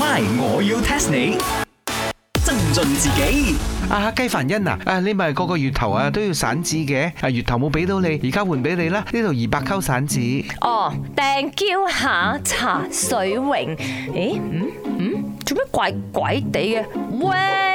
MY，我要 test 你，增進自己。阿雞凡恩啊，誒、啊，你咪個個月頭啊都要散紙嘅，啊月頭冇俾到你，而家換俾你啦，呢度二百溝散紙。哦，訂叫下茶水榮，誒，嗯嗯，做咩鬼鬼地嘅？喂！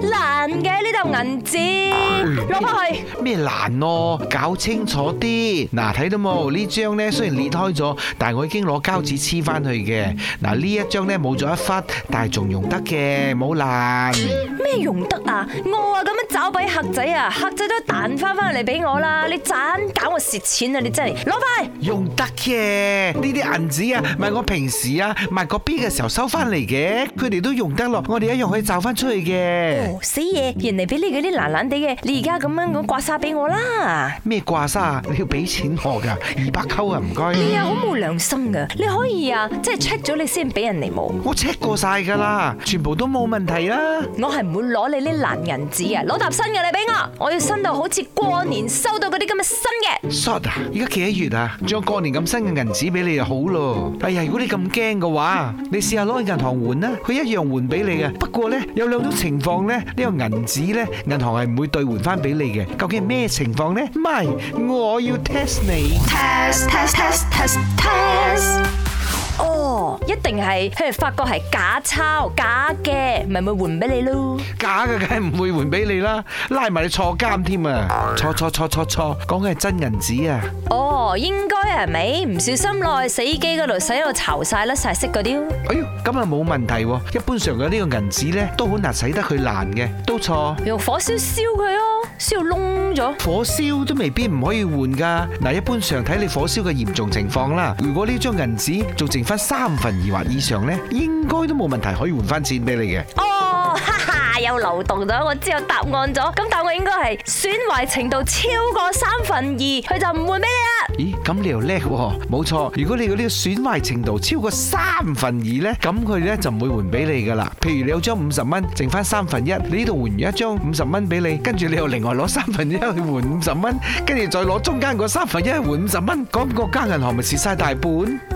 爛嘅呢度銀紙攞翻去咩？爛咯、啊？搞清楚啲嗱，睇到冇呢張咧雖然裂開咗，嗯、但係我已經攞膠紙黐翻去嘅嗱。呢一張咧冇咗一忽，但係仲用得嘅，冇爛咩？用得啊？我啊咁樣找俾客仔啊，客仔都彈翻翻嚟，俾我啦。你盞搞我蝕錢啊！你真係攞翻用得嘅呢啲銀紙啊，唔係我平時啊賣個 B 嘅時候收翻嚟嘅，佢哋都用得落，我哋一樣可以找翻出去嘅。哦、死嘢！原嚟俾你嗰啲爛爛地嘅，你而家咁樣咁刮晒俾我啦！咩刮沙啊？你要俾錢我噶，二百鳩啊，唔該。你啊，好冇良心噶，你可以啊，即係 check 咗你先俾人嚟冇。我 check 過晒噶啦，全部都冇問題啦。我係唔會攞你啲爛銀紙啊，攞沓新嘅嚟俾我，我要新到好似過年收到嗰啲咁嘅新嘅。shot 啊、嗯！而家幾月啊？仲有過年咁新嘅銀紙俾你就好咯。哎呀，如果你咁驚嘅話，你試下攞去銀行換啦，佢一樣換俾你嘅。不過咧，有兩種情況。放咧呢個銀紙咧，銀行係唔會兌換返俾你嘅。究竟係咩情況咧？唔係，我要 test 你。一定係，譬如發覺係假鈔，假嘅，咪會換俾你咯。假嘅梗係唔會換俾你啦，拉埋你坐監添啊！錯錯錯錯錯，講嘅係真銀紙啊。哦，應該係咪？唔小心落去洗衣機嗰度洗到巢晒甩晒色嗰啲。哎呦，咁啊冇問題喎、啊。一般常嘅呢個銀紙咧，都好難洗得佢爛嘅，都錯。用火燒燒佢咯、啊。燒窿咗，燒火燒都未必唔可以換噶。嗱，一般上睇你火燒嘅嚴重情況啦。如果呢張銀紙仲剩翻三分二或以上呢，應該都冇問題，可以換翻錢俾你嘅。Oh. 有流動咗，我知有答案咗。咁但係我應該係損壞程度超過三分二，佢就唔換俾你啦。咦？咁你又叻喎！冇錯，如果你嘅呢個損壞程度超過三分二咧，咁佢咧就唔會換俾你噶啦。譬如你有張五十蚊，剩翻三分一，你呢度換完一張五十蚊俾你，跟住你又另外攞三分一去換五十蚊，跟住再攞中間嗰三分一去換五十蚊，咁間銀行咪蝕晒大半？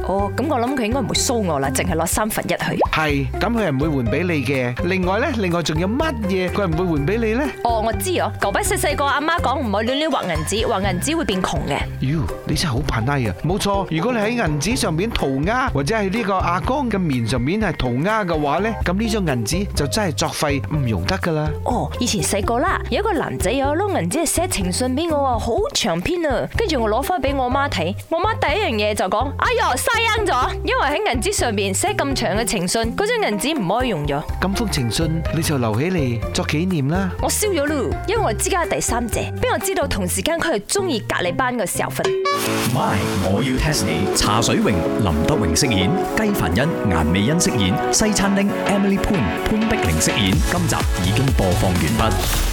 哦，咁我諗佢應該唔會騷我啦，淨係攞三分一去。係，咁佢係唔會換俾你嘅。另外咧，另外仲有。乜嘢佢唔會換俾你咧？哦，我知啊。舊筆細細個阿媽講唔好亂亂畫銀紙，畫銀紙會變窮嘅。妖，你真係好怕拉啊！冇錯，如果你喺銀紙上面塗鴉，或者係呢個阿公嘅面上面係塗鴉嘅話咧，咁呢張銀紙就真係作廢唔用得噶啦。哦，以前細個啦，有一個男仔又有攞銀紙係寫情信俾我啊，好長篇啊，跟住我攞翻俾我媽睇，我媽第一樣嘢就講：哎喲，嘥扔咗，因為喺銀紙上面寫咁長嘅情信，嗰張銀紙唔可以用咗。咁封情信你就留。俾你作紀念啦！我燒咗囉，因為我之間係第三者，邊個知道同時間佢係中意隔離班嘅小芬？My，我要 Test 你。茶水榮、林德榮飾演，雞凡欣、顏美欣飾演，西餐廳 Emily Poon 潘碧玲飾演。今集已經播放完畢。